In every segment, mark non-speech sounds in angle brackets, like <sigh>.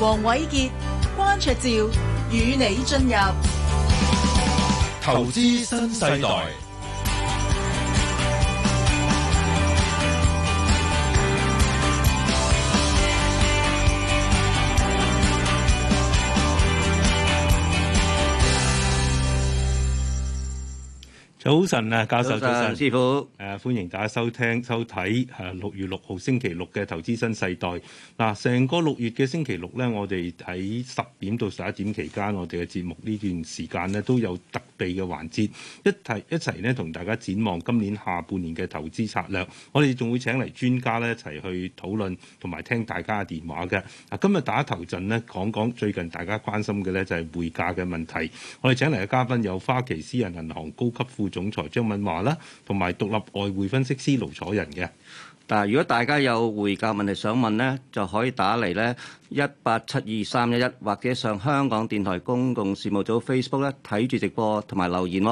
王偉杰、關卓照與你進入投資新世代。早晨啊，教授早晨，師傅誒，歡迎大家收聽收睇誒六月六號星期六嘅投資新世代嗱，成個六月嘅星期六呢，我哋喺十點到十一點期間，我哋嘅節目呢段時間呢都有特別嘅環節，一齊一齊呢同大家展望今年下半年嘅投資策略，我哋仲會請嚟專家呢，一齊去討論，同埋聽大家嘅電話嘅。嗱，今日打頭陣呢，講講最近大家關心嘅呢，就係匯價嘅問題，我哋請嚟嘅嘉賓有花旗私人銀行高級副。總裁張敏華啦，同埋獨立外匯分析師盧楚仁嘅。但如果大家有匯價問題想問咧，就可以打嚟咧一八七二三一一，或者上香港電台公共事務組 Facebook 咧睇住直播同埋留言。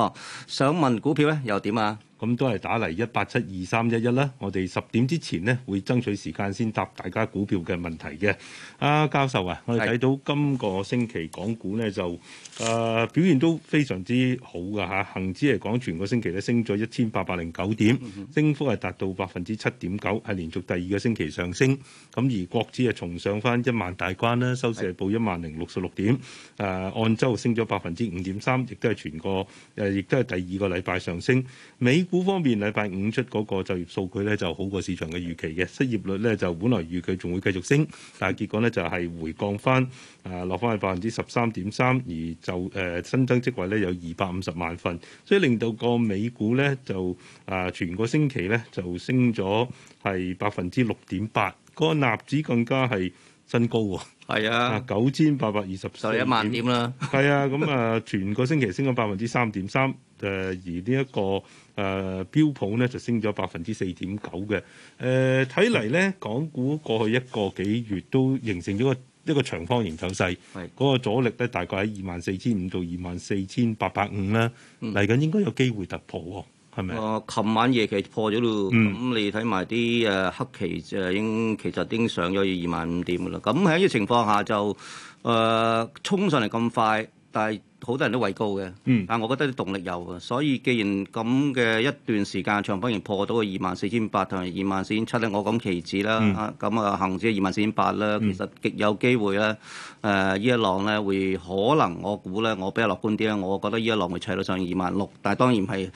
想問股票咧又點啊？咁都係打嚟一八七二三一一啦，我哋十點之前呢，會爭取時間先答大家股票嘅問題嘅。啊，教授啊，我哋睇到今個星期港股呢，就誒、呃、表現都非常之好㗎嚇，恆、啊、指嚟講全個星期呢，升咗一千八百零九點，升幅係達到百分之七點九，係連續第二個星期上升。咁而國指係重上返一萬大關啦，收市係報一萬零六十六點，誒、呃、按週升咗百分之五點三，亦都係全個誒亦都係第二個禮拜上升。美股方面，禮拜五出嗰個就業數據咧就好過市場嘅預期嘅，失業率咧就本來預計仲會繼續升，但係結果呢，就係回降翻，誒落翻去百分之十三點三，而就誒、呃、新增職位咧有二百五十萬份，所以令到個美股咧就誒、呃、全個星期咧就升咗係百分之六點八，個納指更加係。新高係啊，九千八百二十四，就嚟一萬點啦。係啊，咁啊、呃，全個星期升咗百分之三點三，誒、呃，而呢、這、一個誒、呃、標普呢就升咗百分之四點九嘅。誒、呃，睇嚟呢，港股過去一個幾月都形成咗一個一個長方形走勢，係嗰是的 個阻力咧大概喺二萬四千五到二萬四千八百五啦，嚟緊、呃、應該有機會突破、哦。個琴、呃、晚夜期破咗咯，咁、嗯、你睇埋啲誒黑旗，就已經其實已經上咗二萬五點嘅啦。咁喺呢個情況下就，誒、呃、衝上嚟咁快，但係好多人都畏高嘅。嗯、但係我覺得啲動力有啊。所以既然咁嘅一段時間長波形破到個二萬四千八同埋二萬四千七咧，我講期指啦，咁啊行指二萬四千八咧，其實極有機會咧誒依一浪咧會可能我估咧我比較樂觀啲咧，我覺得呢一浪會砌到上二萬六，但係當然係。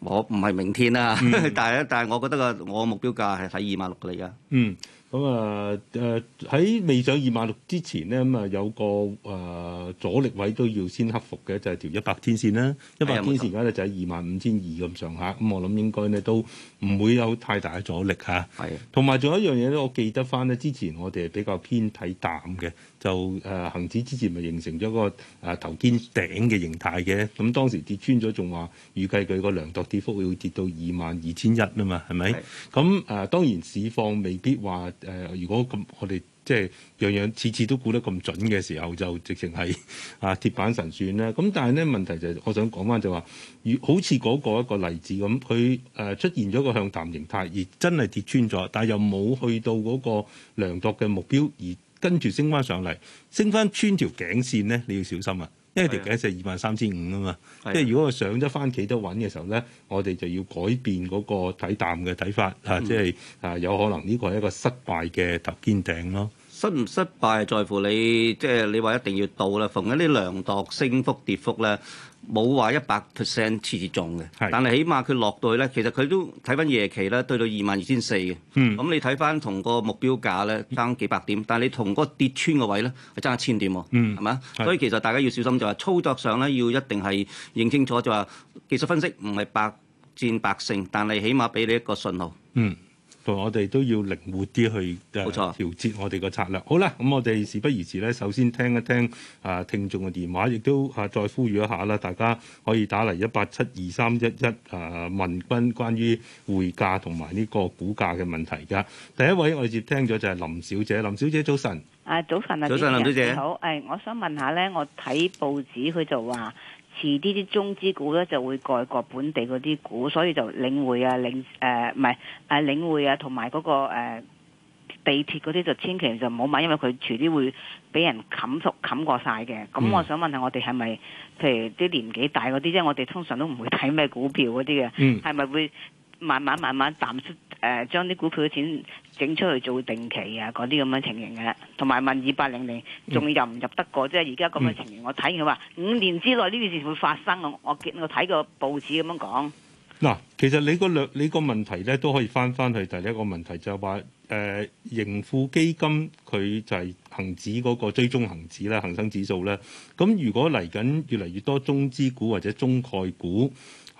我唔係明天啦、啊嗯，但係咧，但係我覺得個我目標價係喺二萬六嚟噶。嗯，咁啊誒，喺未上二萬六之前咧，咁啊有個誒阻力位都要先克服嘅，就係、是、條一百天線啦、啊。一百天線而家咧、啊、就喺二萬五千二咁上下，咁、嗯、我諗應該咧都唔會有太大嘅阻力嚇。係、啊。同埋仲有一樣嘢咧，我記得翻咧，之前我哋係比較偏睇淡嘅。就誒恒指之前咪形成咗個誒、啊、頭肩頂嘅形態嘅，咁、嗯、當時跌穿咗，仲話預計佢個量度跌幅會跌到二萬二千一啊嘛，係咪是的、嗯？咁、呃、誒當然市況未必話誒、呃，如果咁我哋即係樣樣次次都估得咁準嘅時候，就直情係啊鐵板神算啦。咁、嗯、但係呢問題就係、是，我想講翻就話，如好似嗰個一個例子咁，佢誒、呃、出現咗個向淡形態，而真係跌穿咗，但係又冇去到嗰個量度嘅目標，目標而。跟住升翻上嚟，升翻穿條頸線咧，你要小心啊！因為條頸線二萬三千五啊嘛，的即係如果我上一翻企得穩嘅時候咧，的我哋就要改變嗰個睇淡嘅睇法啊！嗯、即係啊，有可能呢個係一個失敗嘅突肩頂咯。失唔失敗在乎你，即係你話一定要到啦。逢緊啲量度升幅跌幅咧，冇話一百 percent 次次中嘅。是但係起碼佢落到去咧，其實佢都睇翻夜期咧，對到二萬二千四嘅。咁、嗯嗯、你睇翻同個目標價咧，爭幾百點，但係你同嗰個跌穿個位咧，係爭一千點喎、啊。係嘛、嗯？吧所以其實大家要小心就係、是、操作上咧，要一定係認清楚就係、是、技術分析，唔係百戰百勝，但係起碼俾你一個信號。嗯同我哋都要靈活啲去調節我哋個策略。誒，冇錯。好啦，咁我哋事不宜遲咧，首先聽一聽啊聽眾嘅電話，亦都啊再呼籲一下啦，大家可以打嚟一八七二三一一啊問君關於匯價同埋呢個股價嘅問題㗎。第一位我哋接聽咗就係林小姐，林小姐早晨。啊，早晨啊，早晨林小姐，你好，誒，我想問下咧，我睇報紙佢就話，遲啲啲中資股咧就會蓋過本地嗰啲股，所以就領匯啊領誒唔係啊領匯啊同埋嗰個地鐵嗰啲就千祈就唔好買，因為佢遲啲會俾人冚熟冚過晒嘅。咁我想問下我哋係咪譬如啲年紀大嗰啲，即係我哋通常都唔會睇咩股票嗰啲嘅，係咪、嗯、會？慢慢慢慢淡出，誒、呃、將啲股票嘅錢整出去做定期啊，嗰啲咁嘅情形嘅，同埋問二八零零仲入唔入得過？即係而家咁嘅情形，我睇佢話五年之內呢件事會發生。我我我睇個報紙咁樣講。嗱，其實你個你個問題咧都可以翻翻去第一個問題，就係話誒盈富基金佢就係恒指嗰個追蹤恒指啦、恒生指數呢。咁如果嚟緊越嚟越多中資股或者中概股。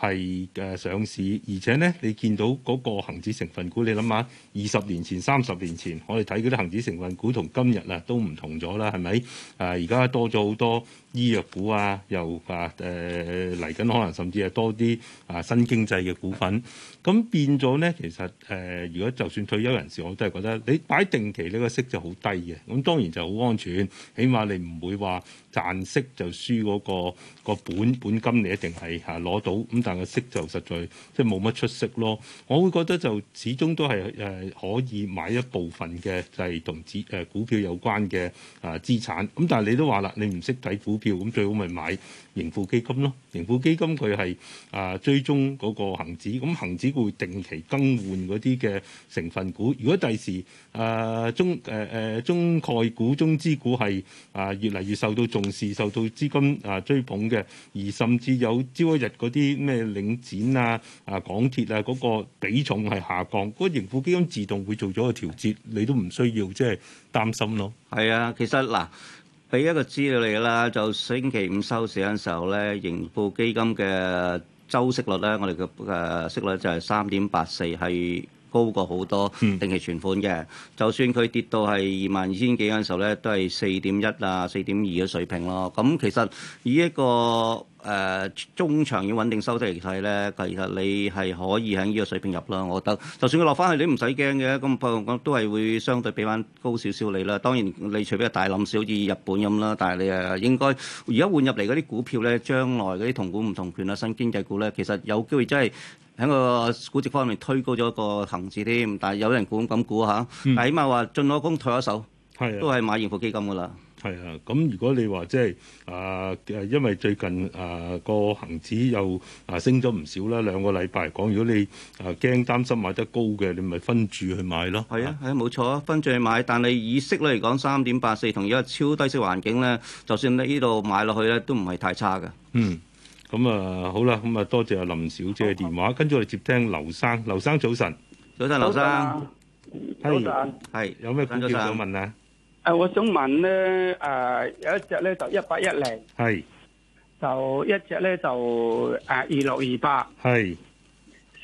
係誒上市，而且咧，你見到嗰個恆指成分股，你諗下，二十年前、三十年前，我哋睇嗰啲恆指成分股同今日啊都唔同咗啦，係咪？誒而家多咗好多。醫藥股啊，又啊誒嚟緊，呃、可能甚至係多啲啊新經濟嘅股份，咁變咗咧，其實誒，如、呃、果就算退休人士，我都係覺得你擺定期你個息就好低嘅，咁當然就好安全，起碼你唔會話賺息就輸嗰、嗰個本本金，你一定係嚇攞到，咁但係息就實在即係冇乜出息咯。我會覺得就始終都係誒可以買一部分嘅就係同資誒股票有關嘅啊資產，咁但係你都話啦，你唔識睇股票。票咁最好咪買盈富基金咯，盈富基金佢係啊追蹤嗰個恆指，咁恒指會定期更換嗰啲嘅成分股。如果第時誒、呃、中誒誒、呃、中概股、中資股係啊、呃、越嚟越受到重視，受到資金啊、呃、追捧嘅，而甚至有朝一日嗰啲咩領展啊、啊港鐵啊嗰、嗰個比重係下降，嗰個盈富基金自動會做咗個調節，你都唔需要即係擔心咯。係啊，其實嗱。俾一個資料你啦，就星期五收市嗰陣時候咧，盈富基金嘅周息率呢，我哋嘅誒息率就係三點八四。係。高過好多定期存款嘅，嗯、就算佢跌到係二萬二千幾嗰陣時候咧，都係四點一啊、四點二嘅水平咯。咁、嗯、其實以一個誒、呃、中長遠穩定收息嚟睇咧，其實你係可以喺呢個水平入啦。我覺得，就算佢落翻去，你唔使驚嘅。咁不過我都係會相對俾翻高少少你啦。當然你除非大冧少，好似日本咁啦。但係你誒應該而家換入嚟嗰啲股票咧，將來嗰啲同股唔同權啊、新經濟股咧，其實有機會真係。喺個估值方面推高咗個恆指添，但係有人估咁估吓，但、啊嗯、起碼話進咗攻退咗守，啊、都係買現貨基金㗎啦。係啊，咁如果你話即係啊，因為最近啊個恒指又啊升咗唔少啦，兩個禮拜講，如果你啊驚擔心買得高嘅，你咪分住去買咯。係啊，係啊，冇、啊、錯啊，分住去買，但係以息率嚟講，三點八四同依個超低息環境咧，就算你呢度買落去咧，都唔係太差嘅。嗯。咁啊，好啦，咁啊，多謝阿林小姐嘅電話，跟住我哋接聽劉生，劉生早晨，早晨劉生，係，係，有咩股票想問啊？誒，我想問咧，誒有一隻咧就一八一零，係，就一隻咧就誒二六二八，係，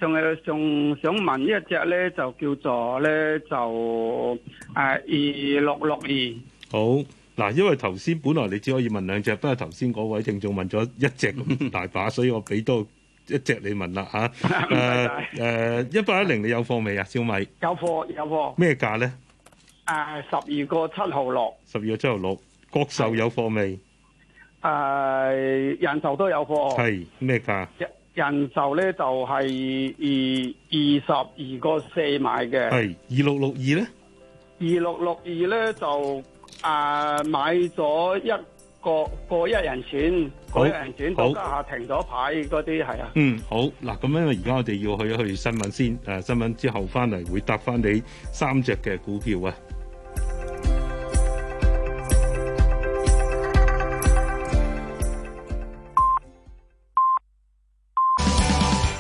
仲誒仲想問一隻咧就叫做咧就誒二六六二，好。嗱，因為頭先本來你只可以問兩隻，不過頭先嗰位聽眾問咗一隻咁大把，所以我俾多一隻你問啦嚇。誒誒，一八一零你有貨未啊？小米有貨有貨。咩價咧？誒，十二個七毫六，十二個七毫六，國壽有貨未？誒，uh, 人壽都有貨。係咩價？人壽咧就係二二十二個四買嘅。係二六六二咧？二六六二咧就。啊！Uh, 買咗一個過一人錢，過一人錢，當家下停咗牌嗰啲係啊。嗯，好嗱，咁樣，而家我哋要去一去新聞先，誒、啊、新聞之後翻嚟回會答翻你三隻嘅股票啊！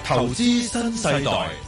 投資新世代。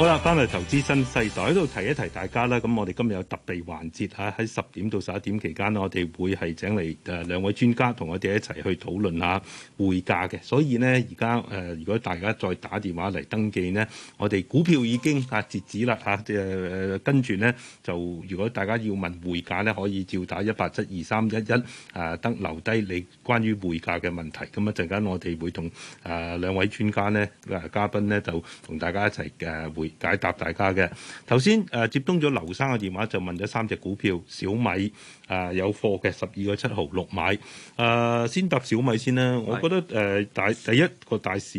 好啦，翻嚟投資新世代，喺度提一提大家啦。咁我哋今日有特別環節啊，喺十點到十一點期間咧，我哋會係請嚟誒兩位專家同我哋一齊去討論下匯價嘅。所以呢，而家誒，如果大家再打電話嚟登記呢，我哋股票已經啊截止啦嚇，即係，啊，呃，跟住呢，就，如果大家要問匯價呢，可以照打一八七二三一一啊，得留低你關於匯價嘅問題。咁一陣間我哋會同誒兩位專家呢、誒嘉賓呢，就同大家一齊嘅會。呃解答大家嘅頭先誒接通咗劉生嘅電話，就問咗三隻股票，小米誒、呃、有貨嘅十二個七毫六米；誒、呃，先答小米先啦。我覺得誒、呃、大第一個大市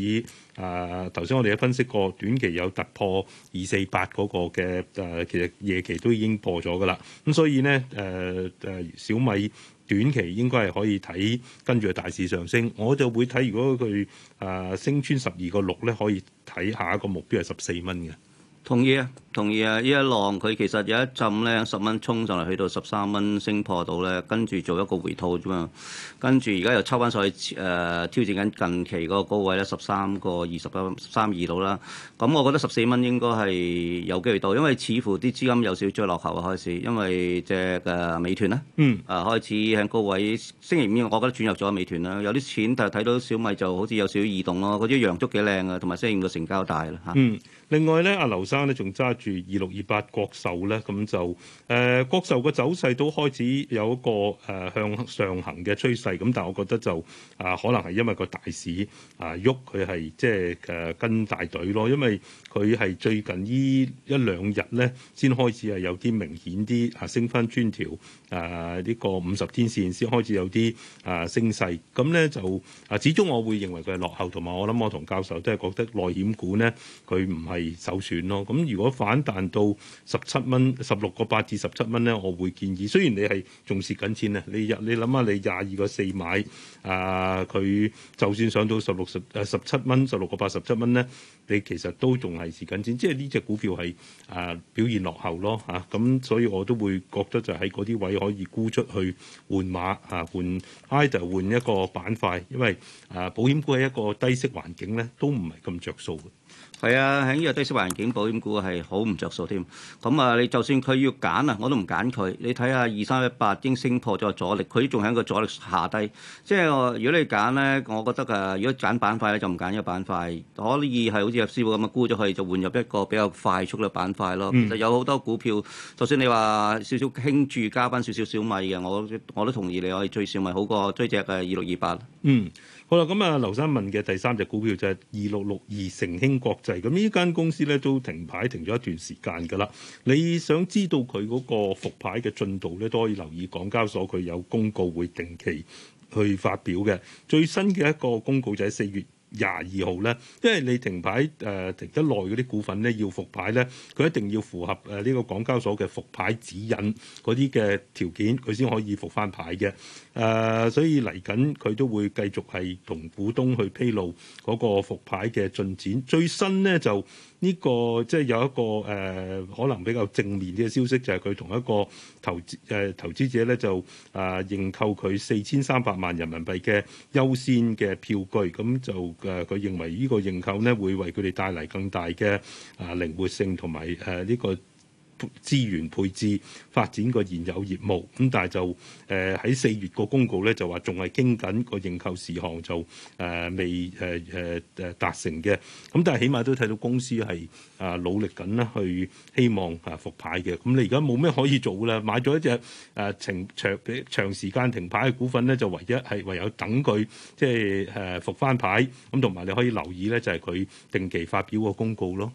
誒頭先我哋都分析過，短期有突破二四八嗰個嘅誒、呃，其實夜期都已經破咗噶啦。咁所以呢，誒、呃、誒小米。短期應該係可以睇，跟住大市上升，我就會睇如果佢誒升穿十二個六咧，可以睇下一個目標係十四蚊嘅。同意啊，同意啊！呢一浪佢其實有一浸咧，十蚊衝上嚟，去到十三蚊升破到咧，跟住做一個回吐啫嘛。跟住而家又抽翻上去，誒、呃、挑戰緊近期嗰個高位咧，十三個二十蚊，十三二度啦。咁我覺得十四蚊應該係有機會到，因為似乎啲資金有少少追落後、嗯、啊，開始。因為隻誒美團啦，嗯，啊開始喺高位。星期五我覺得轉入咗美團啦，有啲錢，但係睇到小米就好似有少少異動咯。嗰啲陽燭幾靚啊，同埋星期五個成交大啦嚇。啊、嗯，另外咧，阿劉。生咧，仲揸住二六二八國壽咧，咁就誒、呃、國壽嘅走勢都開始有一個誒、呃、向上行嘅趨勢，咁但係我覺得就啊、呃、可能係因為個大市啊喐，佢係即係誒跟大隊咯，因為佢係最近呢一兩日咧先開始係有啲明顯啲啊升翻穿條誒呢個五十天線，先開始有啲啊、升、啊、呢個、有啊升勢，咁咧就啊始終我會認為佢係落後，同埋我諗我同教授都係覺得內險股咧佢唔係首選咯。咁如果反彈到十七蚊、十六個八至十七蚊咧，我會建議。雖然你係仲蝕緊錢咧，你日你諗下，你廿二個四買啊，佢就算上到十六十誒十七蚊、十六個八、十七蚊咧，你其實都仲係蝕緊錢。即係呢隻股票係啊表現落後咯嚇，咁、啊、所以我都會覺得就喺嗰啲位可以沽出去換馬啊，換 either 就換一個板塊，因為啊保險股喺一個低息環境咧，都唔係咁着數。係啊，喺呢個低息環境，保險股係好唔着數添。咁啊，你就算佢要揀啊，我都唔揀佢。你睇下二三一八已經升破咗阻力，佢仲喺個阻力下低。即係如果你揀咧，我覺得啊，如果揀板塊咧，就唔揀呢個板塊。可以係好似阿師傅咁啊，沽咗佢就換入一個比較快速嘅板塊咯。嗯、其實有好多股票，就算你話少少傾注加翻少，少少小米嘅，我我都同意你可以追小米好過追隻嘅二六二八。嗯。好啦，咁啊，劉生問嘅第三隻股票就係二六六二成興國際，咁呢間公司咧都停牌停咗一段時間㗎啦。你想知道佢嗰個復牌嘅進度咧，都可以留意港交所佢有公告會定期去發表嘅。最新嘅一個公告就喺四月廿二號咧，因為你停牌誒、呃、停得耐嗰啲股份咧，要復牌咧，佢一定要符合誒呢、呃呢個港交所嘅復牌指引嗰啲嘅條件，佢先可以復翻牌嘅。誒、呃，所以嚟緊佢都會繼續係同股東去披露嗰個復牌嘅進展。最新呢，就呢、呢個即係有一個誒、呃、可能比較正面啲嘅消息，就係佢同一個投資誒、呃、投資者咧就誒、呃、認購佢四千三百萬人民幣嘅優先嘅票據，咁就。誒，佢、呃、認為呢個認購咧，會為佢哋帶嚟更大嘅啊靈活性同埋誒呢個。資源配置發展個現有業務，咁但係就誒喺四月個公告咧，就話仲係傾緊個認購事項，就、呃、誒未誒誒誒達成嘅。咁但係起碼都睇到公司係啊、呃、努力緊啦，去希望啊復牌嘅。咁你而家冇咩可以做啦，買咗一隻誒、呃呃呃呃、長長長時間停牌嘅股份咧，就唯一係唯有等佢即係誒、呃、復翻牌。咁同埋你可以留意咧，就係佢定期發表個公告咯。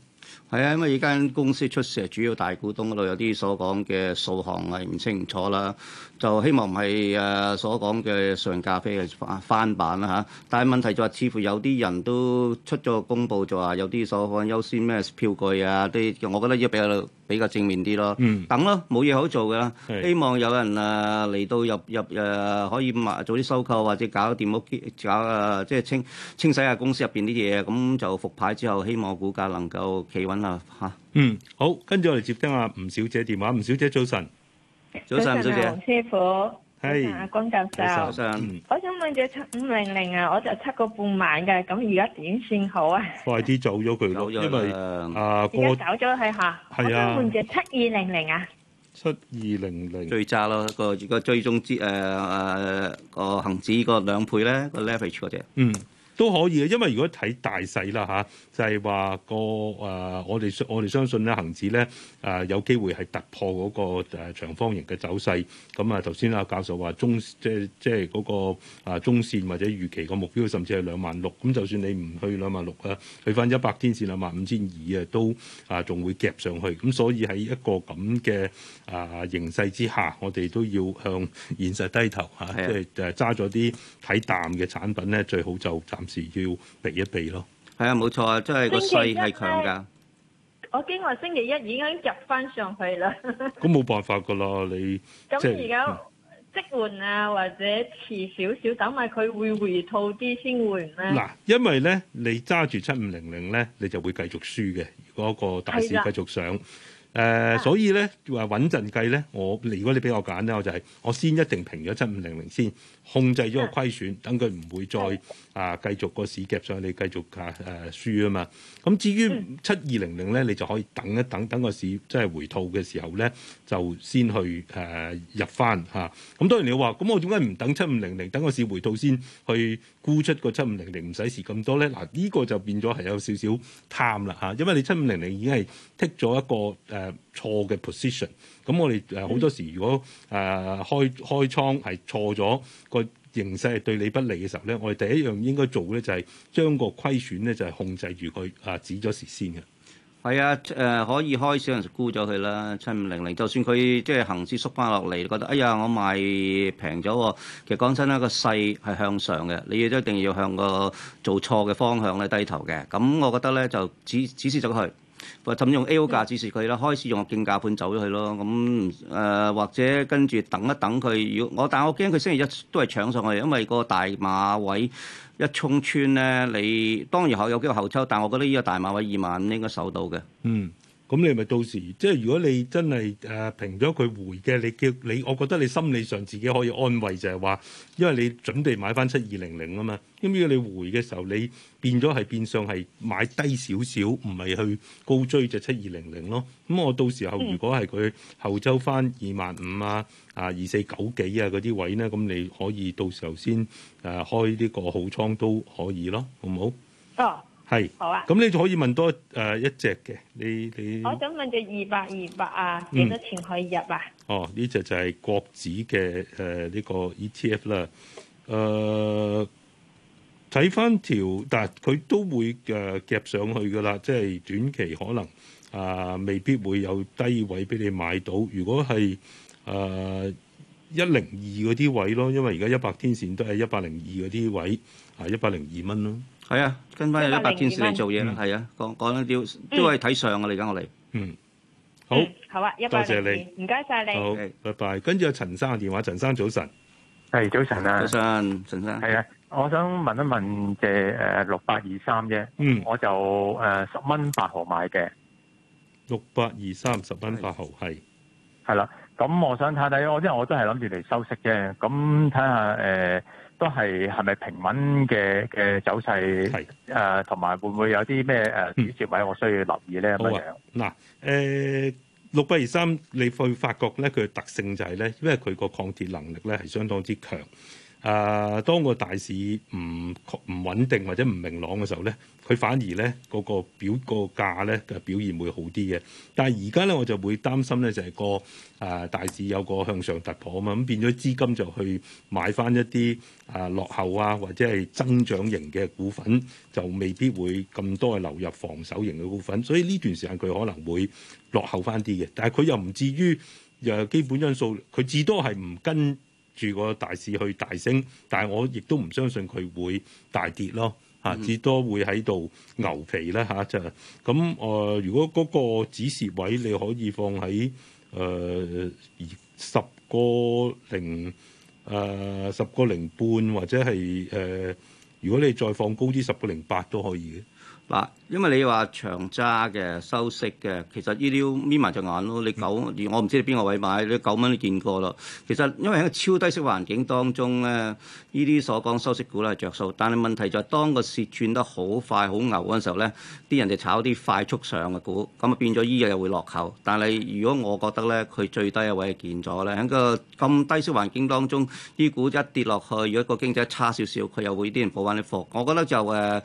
係啊，因為依間公司出事，主要大股東嗰度有啲所講嘅數項係唔清楚啦，就希望係誒所講嘅上咖啡嘅翻翻版啦嚇。但係問題就話似乎有啲人都出咗公佈，就話有啲所講優先咩票據啊啲，我覺得要比較比較正面啲咯。嗯。等咯，冇嘢好做㗎喇。的希望有人啊嚟、呃、到入入誒、呃、可以埋早啲收購或者搞掂屋務，搞啊，即、就、係、是、清清洗下公司入邊啲嘢，咁就復牌之後，希望股價能夠企穩。啦吓，嗯好，跟住我哋接聽阿吳小姐電話。吳小姐早晨，早晨吳小姐，黃師傅，係阿江教授，早晨。我想問住七五零零啊，我就七個半晚嘅，咁而家點算好啊？快啲走咗佢咯，因為啊過走咗係吓，我想換住七二零零啊，七二零零，最渣咯，個如果追蹤之誒個恒指個兩倍咧個 leverage 嗰隻，嗯。都可以嘅，因為如果睇大細啦吓，就係、是、話個誒、啊、我哋我哋相信咧，恒指咧誒、啊、有機會係突破嗰個誒長方形嘅走勢，咁啊，頭先阿教授話中即係即係嗰個啊中線或者預期個目標甚至係兩萬六。咁就算你唔去兩萬六啊，去翻一百天線兩萬五千二啊，都啊仲會夾上去。咁、啊、所以喺一個咁嘅啊形勢之下，我哋都要向現實低頭吓，即係誒揸咗啲睇淡嘅產品咧，最好就要避一避咯，係啊，冇錯啊，即係個勢係強噶。我驚話星期一已經入翻上去了，咁 <laughs> 冇辦法噶啦，你。咁而家即換是啊，或者遲少少，等埋佢會回吐啲先換啦。嗱，因為咧，你揸住七五零零咧，你就會繼續輸嘅。如果個大市繼續上。誒、呃，所以咧話穩陣計咧，我你如果你俾我揀咧，我就係、是、我先一定平咗七五零零先，控制咗個虧損，等佢唔會再啊、呃、繼續個市夾上你繼續啊誒、呃、輸啊嘛。咁、嗯、至於七二零零咧，你就可以等一等，等個市即係回吐嘅時候咧，就先去誒、呃、入翻嚇。咁、啊、當然你話，咁我點解唔等七五零零，等個市回吐先去沽出個七五零零，唔使蝕咁多咧？嗱，呢個就變咗係有少少貪啦嚇，因為你七五零零已經係剔咗一個誒。呃啊錯嘅、啊、position，咁我哋好、啊、多時如果誒、啊、開開倉係錯咗個形勢係對你不利嘅時候咧，我哋第一樣應該做咧就係、是、將個虧損咧就係、是、控制住佢啊止咗蝕先嘅。係啊，誒、啊呃、可以開小人沽咗佢啦，七五零零，就算佢即係恒指縮翻落嚟，覺得哎呀我賣平咗，其實講真啦，個勢係向上嘅，你亦都一定要向個做錯嘅方向咧低頭嘅。咁我覺得咧就止止蝕咗佢。話濫用 A.O. 價指示佢啦，開始用個競價盤走咗佢咯。咁誒、呃、或者跟住等一等佢，要我，但係我驚佢星期一都係搶上去，因為個大馬位一衝穿咧，你當然後有幾個後抽，但係我覺得呢個大馬位二萬應該守到嘅。嗯。咁你咪到時，即係如果你真係誒平咗佢回嘅，你叫你，我覺得你心理上自己可以安慰，就係話，因為你準備買翻七二零零啊嘛，咁如果你回嘅時候，你變咗係變相係買低少少，唔係去高追就七二零零咯。咁我到時候如果係佢後周翻二萬五啊、啊二四九幾啊嗰啲位呢，咁你可以到時候先誒、啊、開呢個好倉都可以咯，好唔好？啊！係是好啊！咁你就可以問多誒、呃、一隻嘅，你你我想問隻二百二百啊，幾多錢可以入啊？嗯、哦，呢隻就係國指嘅誒呢個 ETF 啦。誒睇翻條，但係佢都會誒、呃、夾上去噶啦，即、就、係、是、短期可能啊、呃、未必會有低位俾你買到。如果係誒一零二嗰啲位咯，因為而家一百天線都係一百零二嗰啲位，係一百零二蚊咯。係啊，跟翻有啲白天線嚟做嘢啦，係、嗯、啊，講講啲都係睇相啊，嚟緊、嗯、我嚟，嗯，好，好啊，一百二三，唔該晒你，多謝你，好，拜拜。跟住阿陳生嘅電話，陳生早晨，係早晨啊，早晨，陳生，係啊，我想問一問借誒六八二三啫，嗯，我就誒十蚊八毫買嘅，六八二三十蚊八毫係，係啦，咁、啊、我想睇睇，我因為我都係諗住嚟收息啫。咁睇下誒。呃都係係咪平穩嘅嘅走勢？係誒是，同埋、呃、會唔會有啲咩誒轉折位？我需要留意咧咁樣。嗱誒、嗯，六百二三，啊呃、23, 你會發覺咧，佢嘅特性就係、是、咧，因為佢個抗跌能力咧係相當之強。誒、呃，當個大市唔唔穩定或者唔明朗嘅時候咧，佢反而咧嗰個表、嗰個價咧嘅表現會好啲嘅。但係而家咧，我就會擔心咧，就係個誒大市有個向上突破啊嘛，咁變咗資金就去買翻一啲誒、呃、落後啊或者係增長型嘅股份，就未必會咁多係流入防守型嘅股份，所以呢段時間佢可能會落後翻啲嘅。但係佢又唔至於誒、呃、基本因素，佢至多係唔跟住個大市去大升，但係我亦都唔相信佢會大跌咯，嚇至、嗯、多會喺度牛皮啦，嚇就係咁誒，如果嗰個指示位你可以放喺誒、呃、十個零誒、呃、十個零半，或者係誒、呃，如果你再放高啲，十個零八都可以嘅。嗱，因為你話長揸嘅收息嘅，其實呢啲眯埋隻眼咯。你九、嗯，我唔知你邊個位買，你九蚊都見過啦。其實因為喺個超低息環境當中咧，呢啲所講收息股咧係着數，但係問題就係當個市，市轉得好快好牛嗰陣時候咧，啲人就炒啲快速上嘅股，咁啊變咗依日又會落後。但係如果我覺得咧，佢最低嘅位見咗咧，喺個咁低息環境當中，依股一跌落去，如果個經濟差少少，佢又會啲人補翻啲貨。我覺得就誒。呃。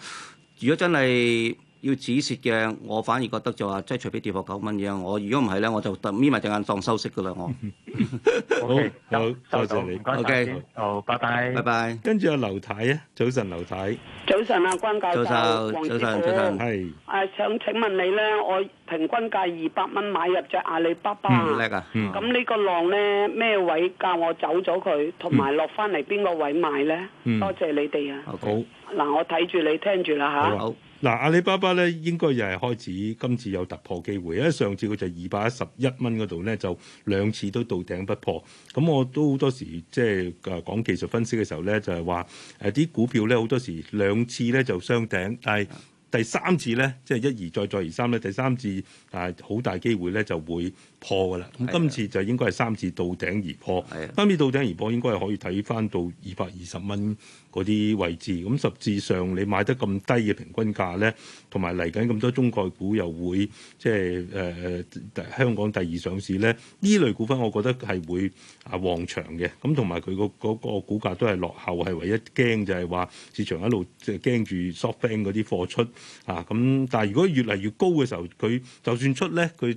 如果真係要止蝕嘅，我反而覺得就話即係除非跌破九蚊嘅，我如果唔係咧，我就眯埋隻眼當收息㗎啦。我好，好，多謝你，OK，好，拜拜，拜拜。跟住阿劉太啊，早晨，劉太，早晨啊，關教頭，早晨，早晨，係，誒，想請問你咧，我平均價二百蚊買入隻阿里巴巴，嗯，叻啊，嗯，咁呢個浪咧咩位教我走咗佢，同埋落翻嚟邊個位買咧？多謝你哋啊。好。嗱，我睇住你聽住啦嚇。好。嗱，阿里巴巴咧，應該又係開始今次有突破機會。因為上次佢就二百一十一蚊嗰度咧，就兩次都到頂不破。咁我都好多時即係講技術分析嘅時候咧，就係話誒啲股票咧好多時兩次咧就雙頂，但係第三次咧即係一而再再而三咧，第三次但係好大機會咧就會。破噶啦，咁今次就應該係三次到頂而破。的三次到頂而破，應該係可以睇翻到二百二十蚊嗰啲位置。咁實質上你買得咁低嘅平均價咧，同埋嚟緊咁多中概股又會即係誒香港第二上市咧，呢類股份我覺得係會啊旺場嘅。咁同埋佢個嗰、嗰個股價都係落後，係唯一驚就係話市場一路即係驚住 Softbank 嗰啲貨出啊。咁但係如果越嚟越高嘅時候，佢就算出咧，佢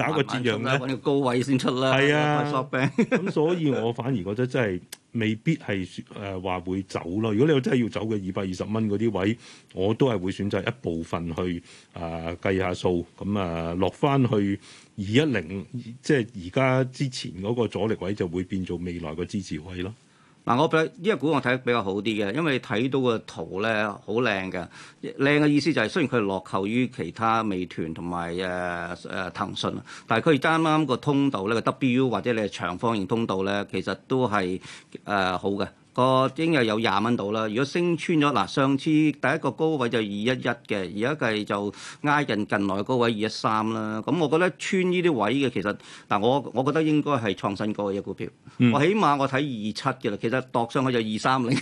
打個折讓啦，揾個高位先出啦。係啊，咁 <laughs> 所以我反而覺得真係未必係誒話會走咯。如果你真係要走嘅，二百二十蚊嗰啲位，我都係會選擇一部分去啊、呃、計下數，咁啊、呃、落翻去二一零，即係而家之前嗰個阻力位就會變做未來個支持位咯。嗱，個我比呢隻股我睇得比較好啲嘅，因為你睇到個圖咧好靚嘅，靚嘅意思就係雖然佢係落後於其他美團同埋誒誒騰訊，但係佢而家啱啱個通道咧個 W 或者你係長方形通道咧，其實都係誒、呃、好嘅。個應該有廿蚊度啦，如果升穿咗嗱、啊，上次第一個高位就二一一嘅，而家計就挨近近來高位二一三啦。咁、嗯、我覺得穿呢啲位嘅其實，嗱我我覺得應該係創新高嘅股票。嗯、我起碼我睇二二七嘅啦，其實度上去就二三零。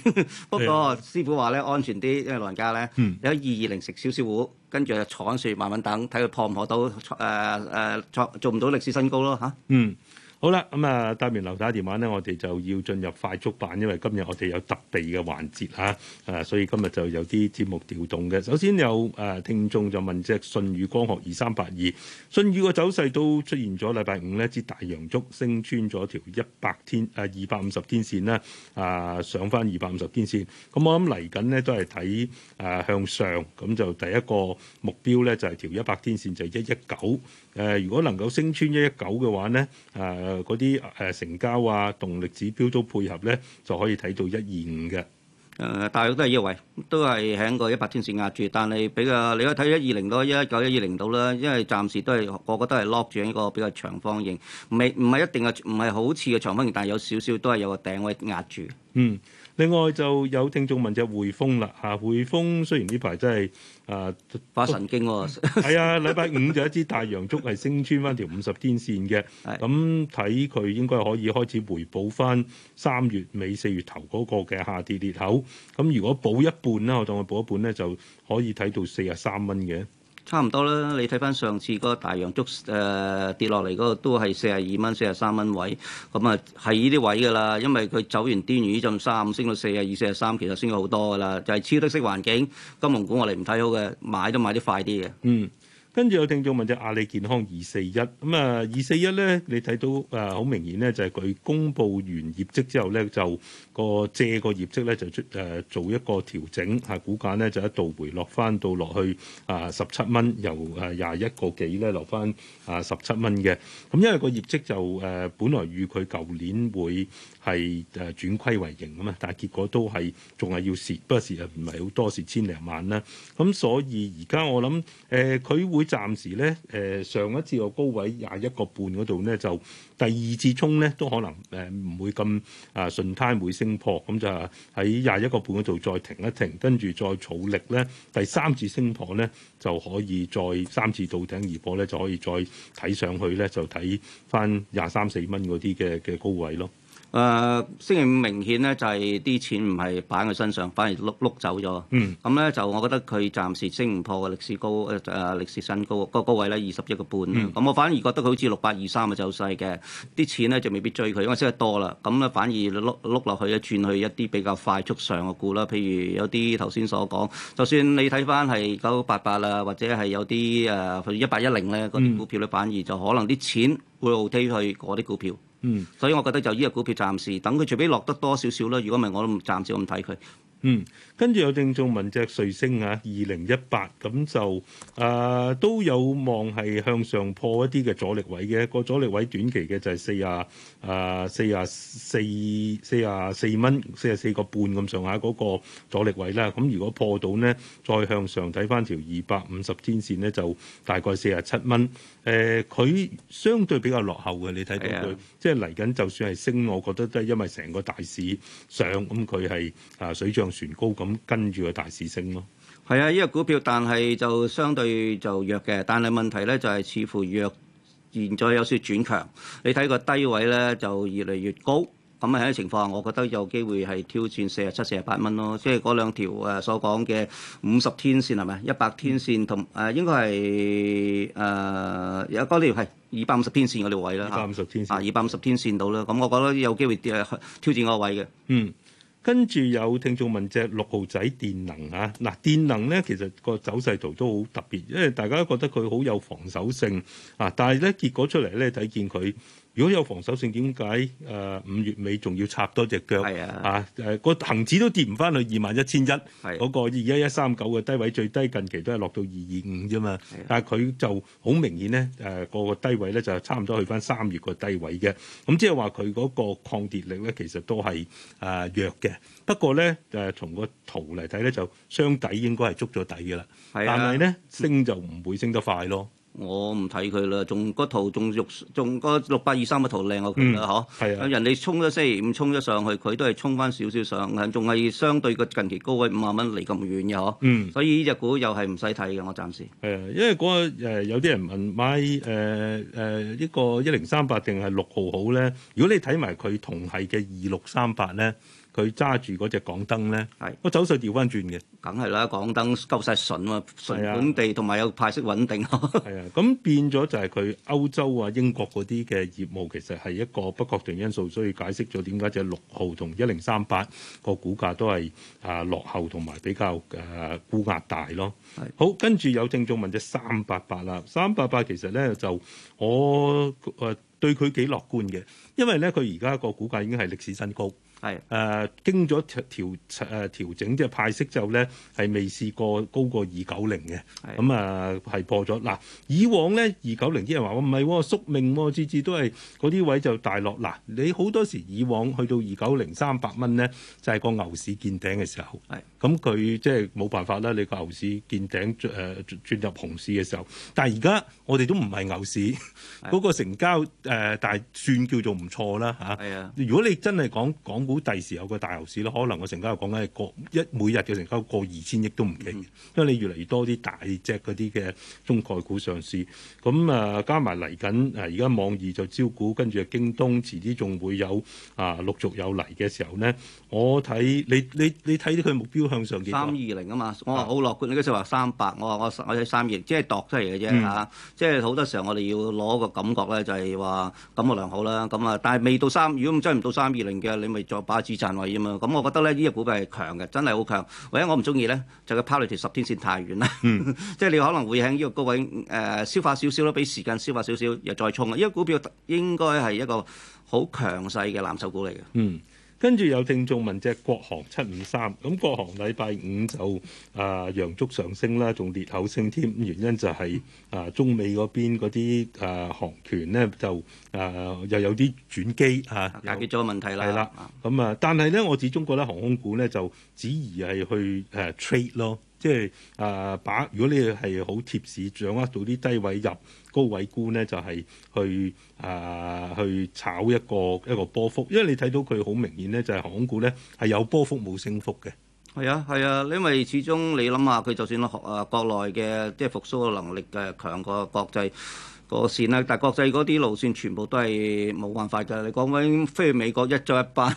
不過師傅話咧，安全啲，因為老人家咧，嗯、有二二零食少少糊，跟住就坐穩船，慢慢等，睇佢破唔破到誒誒創做唔到歷史新高咯嚇。啊嗯好啦，咁啊，戴明流打電話呢，我哋就要進入快速版，因為今日我哋有特別嘅環節嚇，啊，所以今日就有啲節目調動嘅。首先有誒聽眾就問隻信宇光學二三八二，信宇個走勢都出現咗，禮拜五呢，支大洋燭，升穿咗條一百天啊二百五十天線啦，啊上翻二百五十天線。咁我諗嚟緊呢都係睇誒向上，咁就第一個目標呢，就係條一百天線就一一九。誒，如果能夠升穿一一九嘅話咧，誒嗰啲誒成交啊、動力指標都配合咧，就可以睇到一二五嘅。誒，大約都係依圍，都係喺個一百天線壓住。但係比較，你可以睇一二零到一一九、一二零到啦。因為暫時都係，我覺得係 lock 住喺個比較長方形，唔係唔係一定嘅，唔係好似嘅長方形，但係有少少都係有個頂位壓住。嗯。另外就有聽眾問就匯豐啦，吓，匯豐雖然呢排真係啊發神經喎、啊，係啊禮拜五就一支大洋燭係升穿翻條五十天線嘅，咁睇佢應該可以開始回補翻三月尾四月頭嗰個嘅下跌裂口，咁如果補一半啦，我當佢補一半咧就可以睇到四十三蚊嘅。差唔多啦，你睇翻上次嗰個大陽燭誒、呃、跌落嚟嗰個都係四十二蚊、四十三蚊位，咁啊係呢啲位噶啦，因為佢走完端完呢陣三升到四十二、四十三，其實升咗好多噶啦，就係、是、超低息環境，金融股我哋唔睇好嘅，買都買啲快啲嘅。嗯。跟住有聽眾問就阿里健康二四一，咁啊二四一咧，你睇到啊好明顯咧，就係佢公布完業績之後咧，就個借個業績咧就出誒做一個調整，嚇股價咧就一度回落翻到落去啊十七蚊，由啊廿一個幾咧落翻啊十七蚊嘅，咁因為個業績就誒本來預佢舊年會。係誒轉虧為盈咁嘛，但係結果都係仲係要蝕，不過蝕又唔係好多，蝕千零萬啦。咁所以而家我諗誒，佢、呃、會暫時咧誒、呃、上一次個高位廿一個半嗰度咧，就第二次衝咧都可能誒唔會咁啊順太會升破咁就喺廿一個半嗰度再停一停，跟住再儲力咧，第三次升破咧就可以再三次到頂而破咧就可以再睇上去咧，就睇翻廿三四蚊嗰啲嘅嘅高位咯。誒、呃、星期五明顯咧，就係、是、啲錢唔係擺喺佢身上，反而碌碌走咗。咁咧、嗯、就我覺得佢暫時升唔破個歷史高誒啊、呃、歷史新高個高位咧二十一個半。咁、嗯、我反而覺得佢好似六百二三嘅走勢嘅，啲錢咧就未必追佢，因為升得多啦。咁咧反而碌碌落去，轉去一啲比較快速上嘅股啦。譬如有啲頭先所講，就算你睇翻係九八八啊，或者係有啲誒佢一八一零咧嗰啲股票咧，嗯、反而就可能啲錢會倒推去嗰啲股票。嗯，所以我覺得就依個股票暫時等佢，除非落得多少少啦。如果唔係，我都暫時唔睇佢。嗯。跟住有正做文隻瑞聲，啊，二零一八咁就啊都有望係向上破一啲嘅阻力位嘅，個阻力位短期嘅就係四啊啊四啊四四啊四蚊四啊四個半咁上下嗰個阻力位啦。咁如果破到呢，再向上睇翻條二百五十天線呢，就大概四啊七蚊。誒、呃，佢相對比較落後嘅，你睇到佢的即係嚟緊，就算係升，我覺得都係因為成個大市上，咁佢係啊水漲船高咁。咁跟住個大市升咯，係啊，呢個股票，但係就相對就弱嘅，但係問題咧就係、是、似乎弱現在有少少轉強，你睇個低位咧就越嚟越高，咁喺啲情況下，我覺得有機會係挑戰四十七、四十八蚊咯，即係嗰兩條所講嘅五十天線係咪？一百天線同誒應該係誒有一條係二百五十天線嗰條位啦嚇，百五十天線，二百五十天線到啦，咁、呃呃啊、我覺得有機會誒挑戰嗰個位嘅，嗯。跟住有聽眾問隻六號仔電能啊，嗱電能咧其實個走勢圖都好特別，因為大家都覺得佢好有防守性啊，但係咧結果出嚟咧睇見佢。如果有防守性，點解誒五月尾仲要插多隻腳？係啊，誒個恒指都跌唔翻去二萬一千一，嗰個二一一三九嘅低位最低近期都係落到二二五啫嘛。啊、但係佢就好明顯咧，誒個個低位咧就係差唔多去翻三月個低位嘅。咁、嗯、即係話佢嗰個抗跌力咧，其實都係誒、呃、弱嘅。不過咧誒、呃，從個圖嚟睇咧，就雙底應該係捉咗底嘅啦。係、啊、但係咧升就唔會升得快咯。我唔睇佢啦，仲個圖仲六仲六百二三嘅圖靚我見啦，嗬、嗯。咁人哋衝咗星期五衝咗上去，佢都係衝翻少少上，係仲係相對個近期高位五萬蚊離咁遠嘅嗬。嗯，所以呢隻股又係唔使睇嘅，我暫時。誒，因為嗰、那個、呃、有啲人問買誒誒、呃呃這個、呢個一零三八定係六號好咧？如果你睇埋佢同係嘅二六三八咧，佢揸住嗰隻港燈咧，係的我走勢調翻轉嘅。梗係啦，港燈夠晒筍啊，純本的地同埋有派息穩定。係 <laughs> 啊，咁變咗就係佢歐洲啊、英國嗰啲嘅業務，其實係一個不確定因素，所以解釋咗點解隻六號同一零三八個股價都係啊、呃、落後同埋比較誒估壓大咯。係的好跟住有正眾問隻三八八啦，三八八其實咧就我誒、呃、對佢幾樂觀嘅。因為咧，佢而家個股價已經係歷史新高。係的，誒，經咗調調誒調整，即係派息之後咧，係未試過高過二九零嘅。咁啊係破咗。嗱，以往咧二九零啲人話我唔係宿命，次次都係嗰啲位就大落。嗱，你好多時以往去到二九零三百蚊咧，就係個牛市見頂嘅時候。係的，咁佢即係冇辦法啦。你個牛市見頂誒轉入熊市嘅時候，但係而家我哋都唔係牛市，嗰的 <laughs> 個成交誒，但、呃、係算叫做唔。錯啦嚇！嗯、如果你真係講港股第時有個大牛市咧，可能我成交又講緊係過一每日嘅成交過二千億都唔驚，嗯、因為你越嚟越多啲大隻嗰啲嘅中概股上市，咁啊加埋嚟緊啊而家網易就招股，跟住啊京東，遲啲仲會有啊陸續有嚟嘅時候咧，我睇你你你睇到佢目標向上幾三二零啊嘛，我話好樂觀，你嗰時話三百，我話我我睇三二，即係度出嚟嘅啫嚇，即係好多時候我哋要攞個感覺咧，就係話感覺良好啦，咁啊～但係未到三，如果追唔到三二零嘅，你咪再擺喺資產位啫嘛。咁我覺得咧，呢隻股票係強嘅，真係好強。或者我唔中意咧，就係佢拋離條十天線太遠啦。嗯、 <laughs> 即係你可能會喺呢個高位誒消化少少咯，俾時間消化少少，又再衝。呢個股票應該係一個好強勢嘅藍籌股嚟嘅。嗯。跟住有聽眾問隻國航七五三，咁國航禮拜五就啊、呃、陽燭上升啦，仲裂口升添，原因就係、是、啊、呃、中美嗰邊嗰啲啊航權咧就啊又有啲轉機嚇、啊、解決咗問題啦，係啦，咁、嗯、啊但係咧我始終覺得航空股咧就只宜係去誒 trade 咯。即係誒，把、呃、如果你係好貼士掌握到啲低位入高位沽呢，就係、是、去誒、呃、去炒一個一個波幅，因為你睇到佢好明顯呢，就係航空股呢，係有波幅冇升幅嘅。係啊，係啊，因為始終你諗下佢，就算誒國內嘅即係復甦嘅能力嘅強過國際。個線啦、啊，但係國際嗰啲路線全部都係冇辦法㗎。你講緊飛去美國一週一班，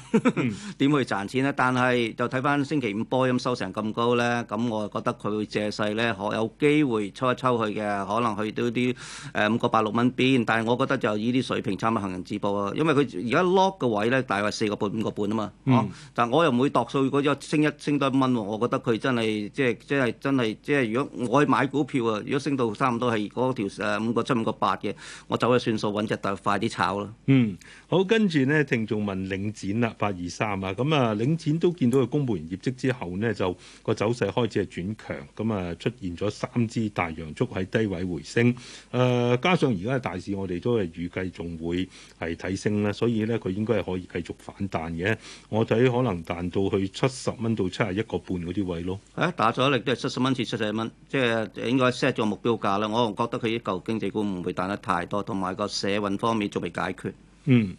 點 <laughs> 會賺錢呢？但係就睇翻星期五波音收成咁高咧，咁我就覺得佢會借勢咧，可有機會抽一抽去嘅，可能去到啲誒五個八六蚊邊。但係我覺得就以啲水平差唔多行人指報啊，因為佢而家 lock 嘅位咧大概四個半五個半啊嘛。嗯、啊，但係我又唔會度數，如果一升一升多一蚊。我覺得佢真係即係即係真係即係，如果我去買股票啊，如果升到差唔多係嗰條五個七五個。5. 八嘅，我走去算數揾隻大，快啲炒啦。嗯，好，跟住呢，聽眾問領展啦，八二三啊，咁啊，領展都見到佢公佈完業績之後呢，就個走勢開始係轉強，咁、嗯、啊出現咗三支大陽燭喺低位回升。誒、呃，加上而家嘅大市，我哋都係預計仲會係睇升啦，所以呢，佢應該係可以繼續反彈嘅。我睇可能彈到去七十蚊到七十一個半嗰啲位咯。啊，打咗力都係七十蚊至七十一蚊，即、就、係、是、應該 set 咗目標價啦。我覺得佢依舊經濟股唔會。彈得太多，同埋個社運方面仲未解決。嗯，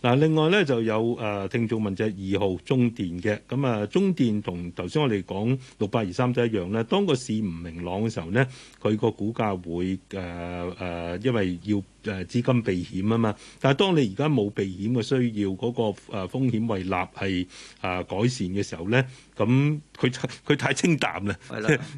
嗱，另外咧就有誒、呃、聽眾問就係二號中電嘅，咁、嗯、啊，中電同頭先我哋講六百二三都一樣咧。當個市唔明朗嘅時候呢，佢個股價會誒誒、呃呃，因為要。誒資金避險啊嘛，但係當你而家冇避險嘅需要，嗰、那個誒風險胃納係啊改善嘅時候咧，咁佢佢太清淡啦，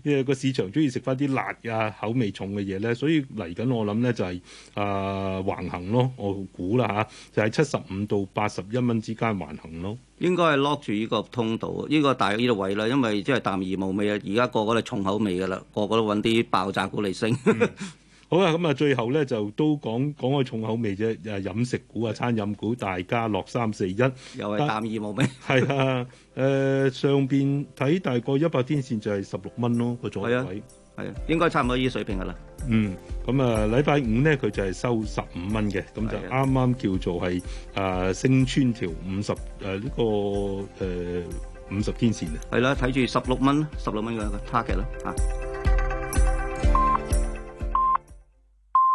因為個市場中意食翻啲辣啊口味重嘅嘢咧，所以嚟緊我諗咧就係、是、啊、呃、橫行咯，我估啦嚇，就係七十五到八十一蚊之間橫行咯，應該係 lock 住呢個通道，呢個大呢個位啦，因為即係淡而無味啊，而家個個都重口味噶啦，個個都揾啲爆炸股嚟升。嗯。好啦，咁啊，最後咧就都講講個重口味啫，誒飲食股啊、餐飲股，大家樂三四一，又係淡而無味。係啊，誒、 <laughs> 啊呃、上邊睇大概一百天線就係十六蚊咯，個阻力位係啊，啊，應該差唔多呢個水平噶啦。嗯，咁啊，禮拜五咧佢就係收十五蚊嘅，咁就啱啱叫做係啊升穿、啊、條五十誒呢個誒五十天線啊。係啦，睇住十六蚊，十六蚊咁 target 啦嚇。